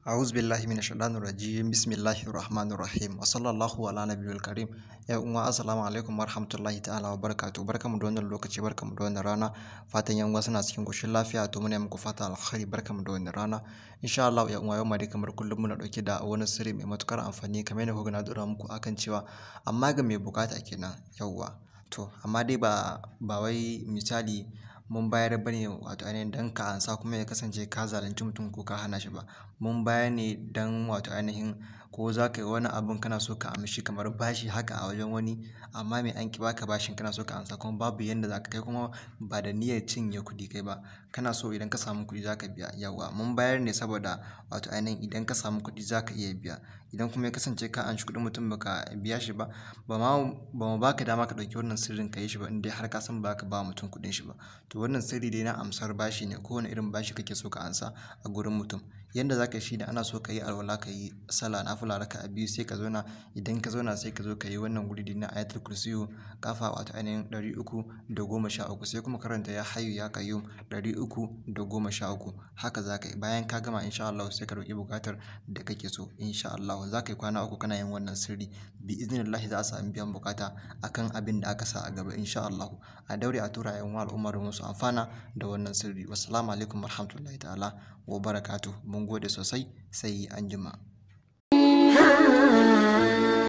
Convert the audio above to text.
A'udhu billahi minash shaitanir rajim. Bismillahir rahmanir rahim. Wa sallallahu ala nabiyil karim. Ya uwa assalamu alaikum warahmatullahi ta'ala wa barakatuh. Barkamu da wannan lokaci, barkamu da wannan rana. Fatan yan uwa suna cikin koshin lafiya to muna muku fata alkhairi, barkamu da wannan rana. Insha Allah ya uwa yau ma dai kamar kullum muna dauke da wani sirri mai matukar amfani kamar yadda kuka na dora muku akan cewa amma ga mai bukata kenan yauwa. To amma dai ba ba wai misali mun bayar ba ne wato ainihin don ka ansa kuma ya kasance ka zalunci mutum ko ka hana shi ba mun bayar ne don wato ainihin ko za ka yi wani abin kana so ka amshi kamar bashi haka a wajen wani amma mai an ki baka bashin kana so ka ansa kuma babu yadda za ka kai kuma ba da niyyar cinye kuɗi kai ba kana so idan ka samu kuɗi za ka biya yawa mun bayar ne saboda wato ainihin idan ka samu kuɗi za ka iya biya idan kuma ya kasance ka anshi kuɗin mutum ka biya shi ba ba ma ba mu baka dama ka ɗauki wannan sirrin ka yi shi ba in dai har ka san ba ka ba mutum kuɗin shi ba to wannan sirri dai na amsar bashi ne kowane irin bashi kake so ka ansa a gurin mutum yanda zaka shi ne ana so ka yi alwala ka yi fula raka a biyu sai ka zauna idan ka zauna sai ka zo ka yi wannan da na ayatul kursiyu kafa wato ainihin ɗari uku da goma sha uku sai kuma karanta ya hayu ya kayu ɗari uku da goma sha uku haka za ka yi bayan ka gama insha Allah sai ka roƙi buƙatar da kake so insha Allah ka yi kwana uku kana yin wannan sirri bi iznillahi za a sami biyan buƙata akan abin da aka sa a gaba insha Allah a daure a tura yan al'ummar musu amfana da wannan sirri wasalamu alaikum warahmatullahi ta'ala wa barakatuh mun gode sosai sai anjima